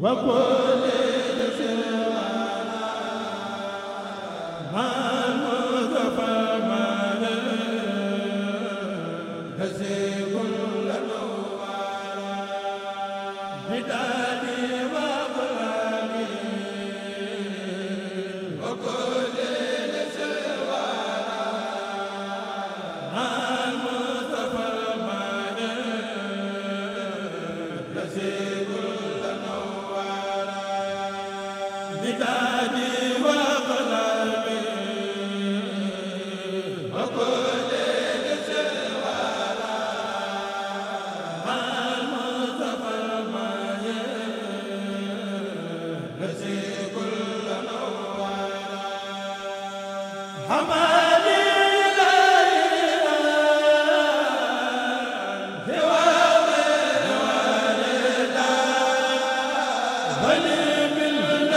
wa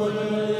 كل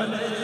wala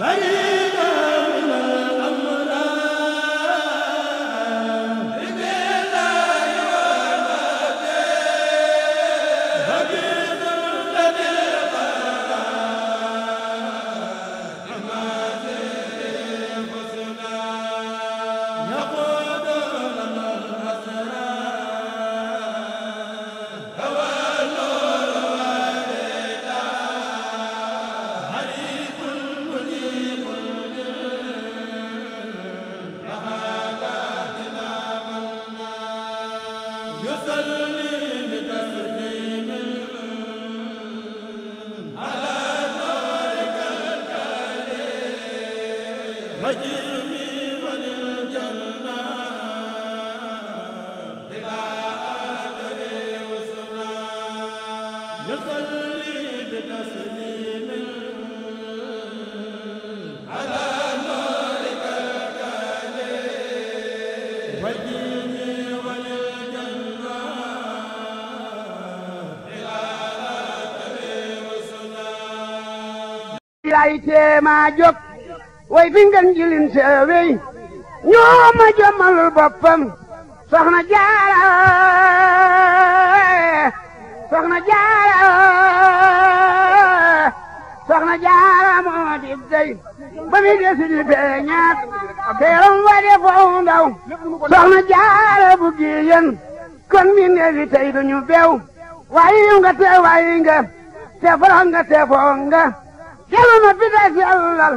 bari maa jóg way fi ngeen jilin seewey ñoo ma jëmalul boppam soxna jaara soxna jaara soxna jaara moo di dey ba mi desi di feeñaat teeram wa de faw ndaw soxna jaara bu giyen kon mi neefi tey duñu beew waayi nga te waayi nga te foro nga te foo nga jëlu ma fi des yàllal